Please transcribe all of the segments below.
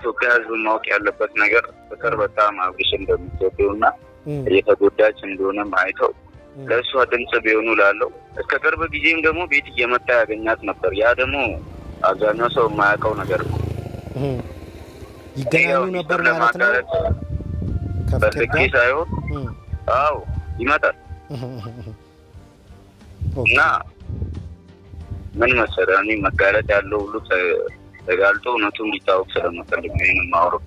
ኢትዮጵያ ሕዝብ ማወቅ ያለበት ነገር ፍቅር በጣም አብሽ እንደምትወደው እና እየተጎዳች እንደሆነም አይተው ለእሷ ድምፅ ቢሆኑ ላለው እስከ ቅርብ ጊዜም ደግሞ ቤት እየመጣ ያገኛት ነበር። ያ ደግሞ አብዛኛው ሰው የማያውቀው ነገር ነው። ይገናኙ ነበር ማለት ነው። በልኬ ሳይሆን አዎ ይመጣል እና ምን መሰለህ እኔ መጋለጥ ያለው ሁሉ ተጋልጦ እውነቱ እንዲታወቅ ስለመፈልግ ነው ይህን የማወራው።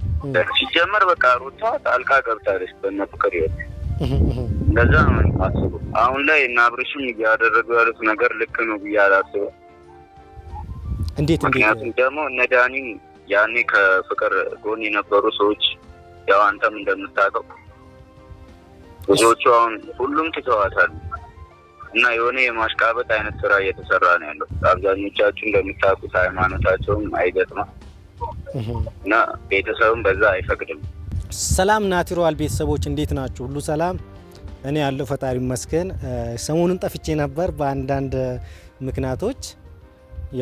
ሲጀመር በቃ ሩታ ጣልቃ ገብታለች በእነ ፍቅር ይወት እንደዛ ነው የማስበው። አሁን ላይ እና አብርሽም እያደረጉ ያሉት ነገር ልክ ነው ብዬ አላስበው። እንዴት ምክንያቱም ደግሞ እነ ዳኒም ያኔ ከፍቅር ጎን የነበሩ ሰዎች ያው አንተም እንደምታውቀው ብዙዎቹ አሁን ሁሉም ትተዋታል። እና የሆነ የማሽቃበጥ አይነት ስራ እየተሰራ ነው ያለው። አብዛኞቻችሁ እንደምታውቁት ሃይማኖታቸውም አይገጥማ እና ቤተሰብም በዛ አይፈቅድም። ሰላም ናቲሮዋል ቤተሰቦች እንዴት ናችሁ? ሁሉ ሰላም? እኔ ያለው ፈጣሪ መስገን ሰሞኑን ጠፍቼ ነበር በአንዳንድ ምክንያቶች።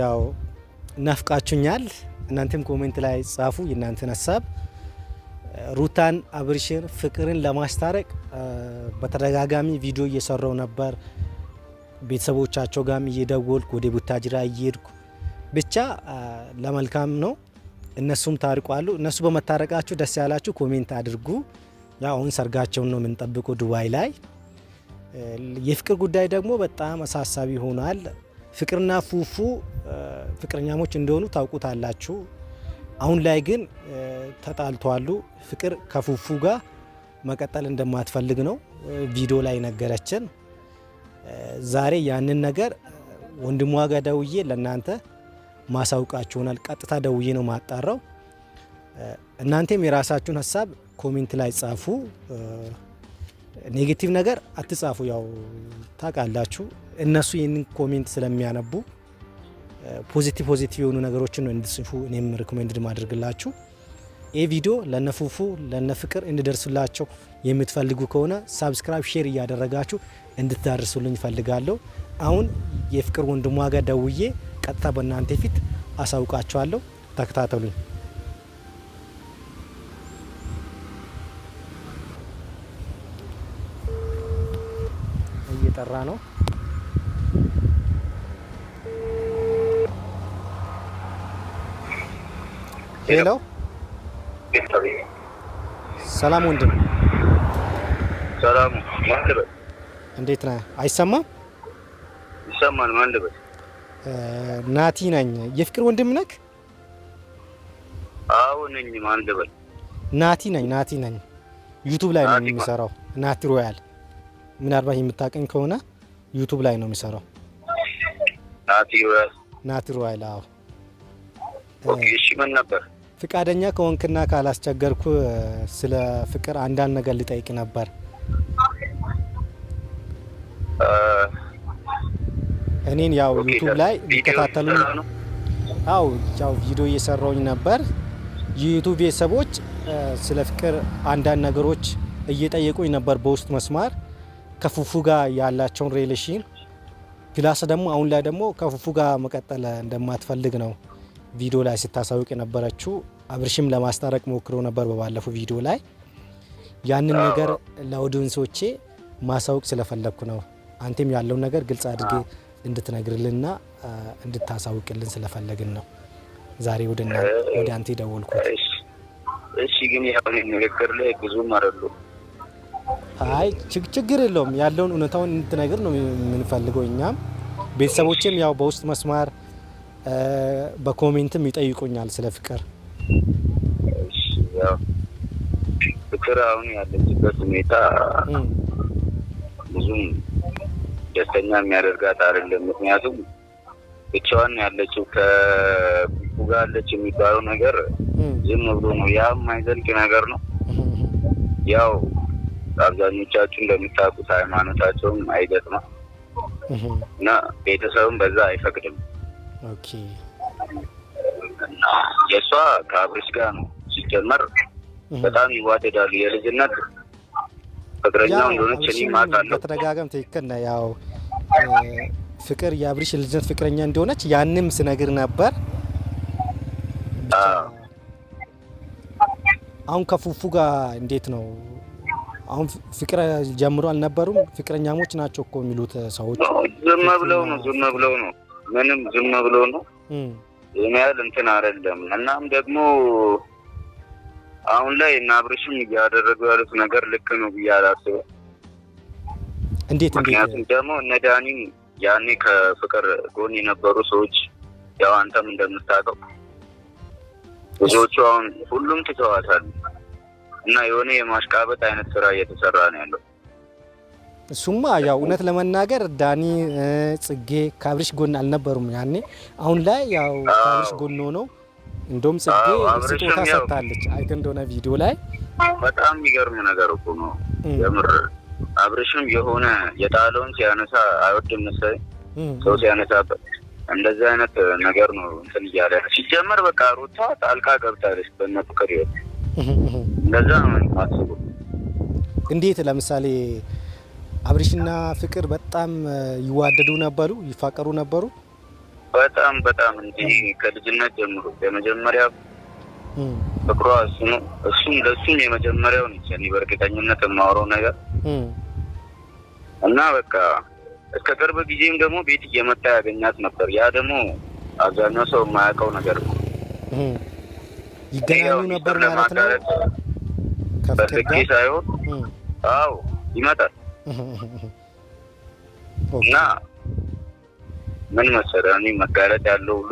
ያው ናፍቃችሁኛል። እናንተም ኮሜንት ላይ ጻፉ የእናንተን ሀሳብ። ሩታን፣ አብርሽን፣ ፍቅርን ለማስታረቅ በተደጋጋሚ ቪዲዮ እየሰራው ነበር። ቤተሰቦቻቸው ጋም እየደወልኩ ወደ ቡታጅራ እየሄድኩ ብቻ ለመልካም ነው። እነሱም ታርቋሉ። እነሱ በመታረቃችሁ ደስ ያላችሁ ኮሜንት አድርጉ። ያው አሁን ሰርጋቸውን ነው የምንጠብቀው ዱባይ ላይ። የፍቅር ጉዳይ ደግሞ በጣም አሳሳቢ ሆኗል። ፍቅርና ፉፉ ፍቅረኛሞች እንደሆኑ ታውቁታላችሁ። አሁን ላይ ግን ተጣልተዋሉ። ፍቅር ከፉፉ ጋር መቀጠል እንደማትፈልግ ነው ቪዲዮ ላይ ነገረችን። ዛሬ ያንን ነገር ወንድሟ ጋር ደውዬ ለእናንተ ማሳውቃችሁናል። ቀጥታ ደውዬ ነው ማጣራው። እናንተም የራሳችሁን ሀሳብ ኮሜንት ላይ ጻፉ። ኔጌቲቭ ነገር አትጻፉ። ያው ታውቃላችሁ፣ እነሱ ይህንን ኮሜንት ስለሚያነቡ ፖዚቲቭ ፖዚቲቭ የሆኑ ነገሮችን ነው እንድጽፉ እኔም ሪኮሜንድ ማድርግላችሁ። ይህ ቪዲዮ ለነፉፉ ለነፍቅር እንድደርስላቸው የምትፈልጉ ከሆነ ሳብስክራይብ፣ ሼር እያደረጋችሁ እንድታደርሱልኝ ፈልጋለሁ። አሁን የፍቅር ወንድሟ ጋር ደውዬ ቀጥታ በእናንተ ፊት አሳውቃችኋለሁ። ተከታተሉኝ። እየጠራ ነው። ሄሎ፣ ሰላም ወንድም፣ ሰላም እንዴት ነህ? አይሰማም? ይሰማል። ማን ልበል? ናቲ ነኝ። የፍቅር ወንድም ነክ? አዎ ነኝ። ማን ልበል? ናቲ ነኝ። ናቲ ነኝ። ዩቱብ ላይ ነው የሚሰራው። ናቲ ሮያል ምናልባት የምታቀኝ ከሆነ ዩቱብ ላይ ነው የሚሰራው። ናቲ ሮያል። ናቲ ሮያል። አዎ። ኦኬ። እሺ ምን ነበር? ፍቃደኛ ከሆንክና ካላስቸገርኩ ስለ ፍቅር አንዳንድ ነገር ልጠይቅ ነበር። እኔን ያው ዩቱብ ላይ ሊከታተሉ አው ያው ቪዲዮ እየሰራውኝ ነበር። የዩቱብ ቤተሰቦች ስለ ፍቅር አንዳንድ ነገሮች እየጠየቁኝ ነበር በውስጥ መስማር ከፉፉ ጋር ያላቸውን ሪሌሽን ፕላስ ደግሞ አሁን ላይ ደግሞ ከፉፉ ጋር መቀጠል እንደማትፈልግ ነው ቪዲዮ ላይ ስታሳውቅ የነበረችው። አብርሽም ለማስታረቅ ሞክሮ ነበር በባለፈው ቪዲዮ ላይ። ያንን ነገር ለአውዲንሶቼ ማሳወቅ ስለፈለግኩ ነው። አንቴም ያለውን ነገር ግልጽ አድርጌ እንድትነግርልንና እንድታሳውቅልን ስለፈለግን ነው ዛሬ ወደና ወደ አንተ የደወልኩት። እሺ፣ ግን ያው ንግግር ላይ ብዙም አረሉ። አይ ችግር የለውም ያለውን እውነታውን እንድትነግር ነው የምንፈልገው እኛም ቤተሰቦችም ያው በውስጥ መስማር በኮሜንትም ይጠይቁኛል ስለ ፍቅር። ፍቅር አሁን ያለችበት ሁኔታ ብዙም ደስተኛ የሚያደርጋት አይደለም። ምክንያቱም ብቻዋን ያለችው ከኩኩ ጋር አለች የሚባለው ነገር ዝም ብሎ ነው። ያ የማይዘልቅ ነገር ነው። ያው አብዛኞቻችሁ እንደምታውቁት ሃይማኖታቸውም አይገጥማ እና ቤተሰብም በዛ አይፈቅድም። እና የእሷ ከአብርሽ ጋር ነው ሲጀመር በጣም ይዋደዳሉ የልጅነት ፍቅረኛ እንደሆነች እኔ ትክክል ያው ፍቅር የአብሪሽ ልጅነት ፍቅረኛ እንደሆነች ያንም ስነግር ነበር። አሁን ከፉፉ ጋር እንዴት ነው? አሁን ፍቅር ጀምሮ አልነበሩም? ፍቅረኛሞች ናቸው እኮ የሚሉት ሰዎች። ዝም ብለው ነው ዝም ብለው ነው ምንም ዝም ብለው ነው። ይህን ያህል እንትን አይደለም። እናም ደግሞ አሁን ላይ እና አብርሽም እያደረጉ ያሉት ነገር ልክ ነው ብዬ አላስብም። እንዴት ምክንያቱም ደግሞ እነ ዳኒም ያኔ ከፍቅር ጎን የነበሩ ሰዎች ያው አንተም እንደምታውቀው ብዙዎቹ አሁን ሁሉም ትተዋታል እና የሆነ የማሽቃበጥ አይነት ስራ እየተሰራ ነው ያለው። እሱማ ያው እውነት ለመናገር ዳኒ ጽጌ ከአብሬሽ ጎን አልነበሩም ያኔ። አሁን ላይ ያው ከአብሬሽ ጎን ሆነው እንደውም ጽጌ ስጦታ ሰጥታለች። አይተ እንደሆነ ቪዲዮ ላይ በጣም የሚገርም ነገር እኮ ነው የምር። አብርሽም የሆነ የጣለውን ሲያነሳ አይወድም መሰለኝ ሰው ሲያነሳ እንደዚህ አይነት ነገር ነው እንትን እያለ ሲጀመር፣ በቃ ሩታ ጣልቃ ገብታለች በእነ ፍቅር ይወት እንደዛ ነው ማስቡ። እንዴት ለምሳሌ አብርሽና ፍቅር በጣም ይዋደዱ ነበሩ፣ ይፋቀሩ ነበሩ በጣም በጣም እንዲህ ከልጅነት ጀምሮ የመጀመሪያ ፍቅሯ እሱ ነው። እሱም ለእሱም የመጀመሪያው ነች። እኔ በእርግጠኝነት የማወራው ነገር እና በቃ እስከ ቅርብ ጊዜም ደግሞ ቤት እየመጣ ያገኛት ነበር። ያ ደግሞ አብዛኛው ሰው የማያውቀው ነገር ነው። ይገናኙ ነበር ማለት ነው። በልጌ ሳይሆን አዎ ይመጣል እና ምን መሰለህ እኔ መጋለጥ ያለው ሁሉ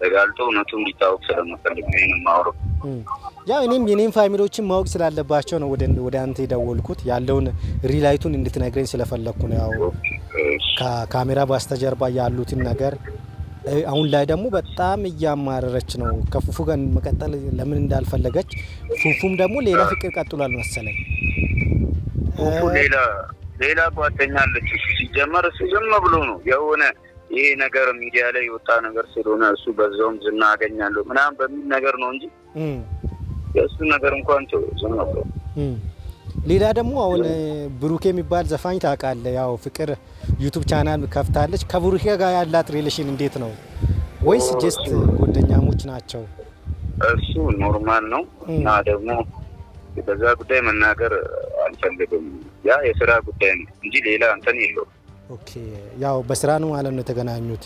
ተጋልጦ እውነቱ እንዲታወቅ ስለምፈልግ ነው የማወራው። ያው እኔም የኔም ፋሚሊዎችን ማወቅ ስላለባቸው ነው ወደ አንተ የደወልኩት። ያለውን ሪላይቱን እንድትነግረኝ ስለፈለግኩ ነው። ያው ከካሜራ በስተጀርባ ያሉትን ነገር አሁን ላይ ደግሞ በጣም እያማረረች ነው። ከፉፉ ጋር መቀጠል ለምን እንዳልፈለገች ፉፉም ደግሞ ሌላ ፍቅር ቀጥሏል መሰለኝ። ሌላ ጓደኛ አለች ሲጀመር፣ እሱ ብሎ ነው የሆነ ይሄ ነገር ሚዲያ ላይ የወጣ ነገር ስለሆነ እሱ በዛውም ዝና አገኛለሁ ምናምን በሚል ነገር ነው እንጂ የእሱ ነገር እንኳን ተው ዝም ነበር። ሌላ ደግሞ አሁን ብሩኬ የሚባል ዘፋኝ ታውቃለህ? ያው ፍቅር ዩቱብ ቻናል ከፍታለች። ከብሩኬ ጋር ያላት ሪሌሽን እንዴት ነው? ወይስ ጀስት ጓደኛሞች ናቸው? እሱ ኖርማል ነው እና ደግሞ በዛ ጉዳይ መናገር አልፈልግም። ያ የስራ ጉዳይ ነው እንጂ ሌላ እንትን የለውም ኦኬ ያው በስራ ነው ማለት ነው የተገናኙት።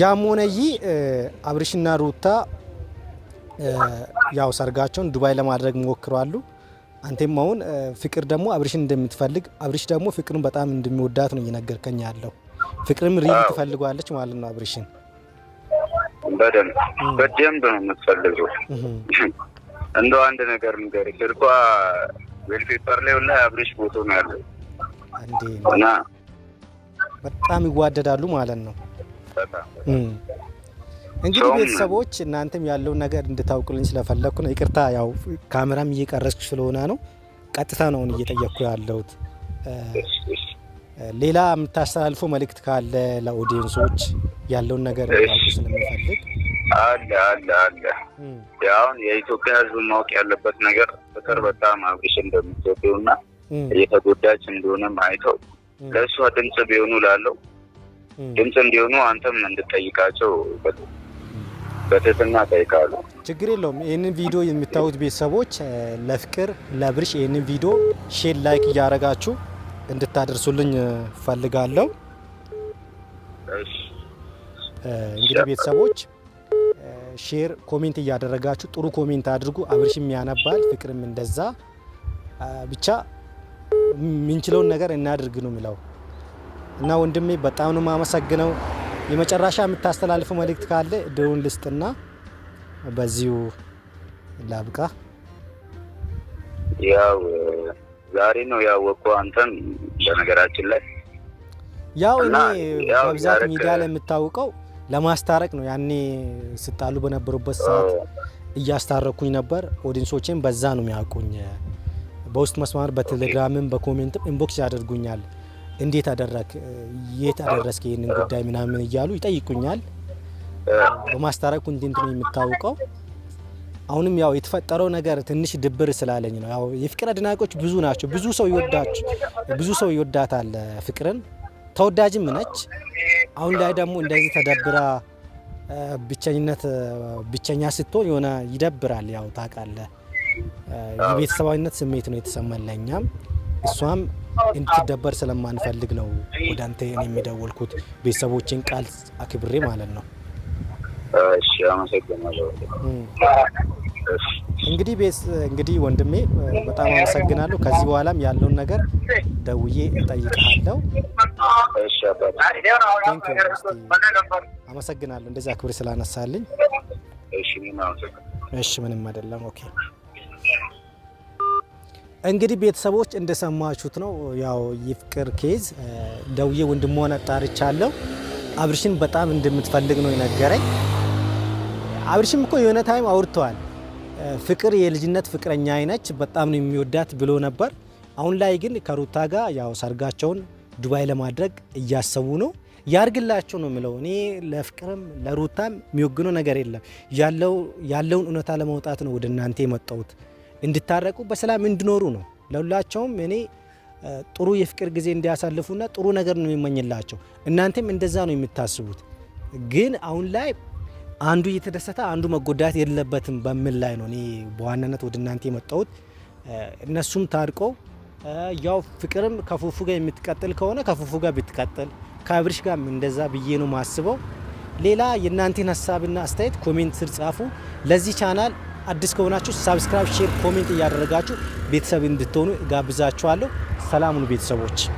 ያም ሆነ ይህ አብርሽና ሩታ ያው ሰርጋቸውን ዱባይ ለማድረግ ሞክሯሉ። አንቴም አሁን ፍቅር ደግሞ አብርሽን እንደምትፈልግ አብርሽ ደግሞ ፍቅርን በጣም እንደሚወዳት ነው እየነገርከኝ ያለው። ፍቅርም ሪል ትፈልጓለች ማለት ነው አብርሽን በደንብ በደንብ ነው የምትፈልገው። እንደው አንድ ነገር ንገር ስልኳ ዌልፔፐር ላይ ሁላ አብርሽ ፎቶ ነው ያለው እንዴ በጣም ይዋደዳሉ ማለት ነው። እንግዲህ ቤተሰቦች እናንተም ያለውን ነገር እንድታውቁልኝ ስለፈለግኩ ነው። ይቅርታ ያው ካሜራም እየቀረስኩ ስለሆነ ነው፣ ቀጥታ ነውን እየጠየቅኩ ያለሁት። ሌላ የምታስተላልፎ መልእክት ካለ ለኦዲየንሶች ያለውን ነገር ስለሚፈልግ አለ አለ አለ። አሁን የኢትዮጵያ ሕዝብ ማወቅ ያለበት ነገር ፍቅር በጣም አብርሽ እንደምትወደው እና እየተጎዳች እንደሆነም አይተው ለእሷ ድምፅ ቢሆኑ ላለው ድምፅ እንዲሆኑ አንተም እንድጠይቃቸው በትህትና ጠይቃሉ። ችግር የለውም። ይህንን ቪዲዮ የምታዩት ቤተሰቦች ለፍቅር ለብርሽ ይህንን ቪዲዮ ሼር ላይክ እያደረጋችሁ እንድታደርሱልኝ ፈልጋለሁ። እንግዲህ ቤተሰቦች ሼር ኮሜንት እያደረጋችሁ ጥሩ ኮሜንት አድርጉ። አብርሽም ያነባል፣ ፍቅርም እንደዛ ብቻ የምንችለውን ነገር እናድርግ ነው የሚለው እና ወንድሜ በጣም ነው የማመሰግነው። የመጨረሻ የምታስተላልፈው መልእክት ካለ ድሩን ልስጥና በዚሁ ላብቃ። ያው ዛሬ ነው ያወቅኩ አንተን በነገራችን ላይ ያው እኔ በብዛት ሚዲያ ላይ የምታውቀው ለማስታረቅ ነው። ያኔ ስጣሉ በነበሩበት ሰዓት እያስታረኩኝ ነበር። ኦዲንሶቼም በዛ ነው የሚያውቁኝ። በውስጥ መስማር በቴሌግራምም በኮሜንትም ኢንቦክስ ያደርጉኛል። እንዴት አደረክ፣ የት አደረስክ ይህንን ጉዳይ ምናምን እያሉ ይጠይቁኛል። በማስታረቅ ኮንቴንት ነው የምታውቀው። አሁንም ያው የተፈጠረው ነገር ትንሽ ድብር ስላለኝ ነው። ያው የፍቅር አድናቂዎች ብዙ ናቸው። ብዙ ሰው ይወዳች ብዙ ሰው ይወዳታል ፍቅርን ተወዳጅም ነች። አሁን ላይ ደግሞ እንደዚህ ተደብራ ብቸኝነት ብቸኛ ስትሆን የሆነ ይደብራል። ያው ታውቃለህ የቤተሰባዊነት ስሜት ነው የተሰማን ለእኛም እሷም እንድትደበር ስለማንፈልግ ነው ወደ አንተ እኔ የሚደወልኩት ቤተሰቦችን ቃል አክብሬ ማለት ነው። እንግዲህ እንግዲህ ወንድሜ በጣም አመሰግናለሁ። ከዚህ በኋላም ያለውን ነገር ደውዬ እጠይቅሃለሁ። አመሰግናለሁ እንደዚህ አክብሬ ስላነሳልኝ። እሺ ምንም አይደለም። ኦኬ እንግዲህ ቤተሰቦች እንደሰማችሁት ነው። ያው ይፍቅር ኬዝ ደውዬ ወንድሟን አጣርቻለሁ። አብርሽን በጣም እንደምትፈልግ ነው የነገረኝ። አብርሽም እኮ የሆነ ታይም አውርተዋል። ፍቅር የልጅነት ፍቅረኛ አይነች በጣም ነው የሚወዳት ብሎ ነበር። አሁን ላይ ግን ከሩታ ጋር ያው ሰርጋቸውን ዱባይ ለማድረግ እያሰቡ ነው። ያርግላቸው ነው የምለው። እኔ ለፍቅርም ለሩታም የሚወግነው ነገር የለም። ያለውን እውነታ ለመውጣት ነው ወደ እናንተ የመጣሁት። እንድታረቁ በሰላም እንዲኖሩ ነው። ለሁላቸውም እኔ ጥሩ የፍቅር ጊዜ እንዲያሳልፉና ጥሩ ነገር ነው የሚመኝላቸው። እናንተም እንደዛ ነው የምታስቡት። ግን አሁን ላይ አንዱ እየተደሰተ አንዱ መጎዳት የለበትም በሚል ላይ ነው እኔ በዋናነት ወደ እናንተ የመጣሁት። እነሱም ታርቆ ያው ፍቅርም ከፉፉ ጋር የምትቀጥል ከሆነ ከፉፉ ጋር ብትቀጥል ከአብርሽ ጋር እንደዛ ብዬ ነው ማስበው። ሌላ የእናንተን ሀሳብና አስተያየት ኮሜንት ስር ጻፉ። ለዚህ ቻናል አዲስ ከሆናችሁ ሳብስክራይብ፣ ሼር፣ ኮሜንት እያደረጋችሁ ቤተሰብ እንድትሆኑ ጋብዛችኋለሁ። ሰላሙን ቤተሰቦች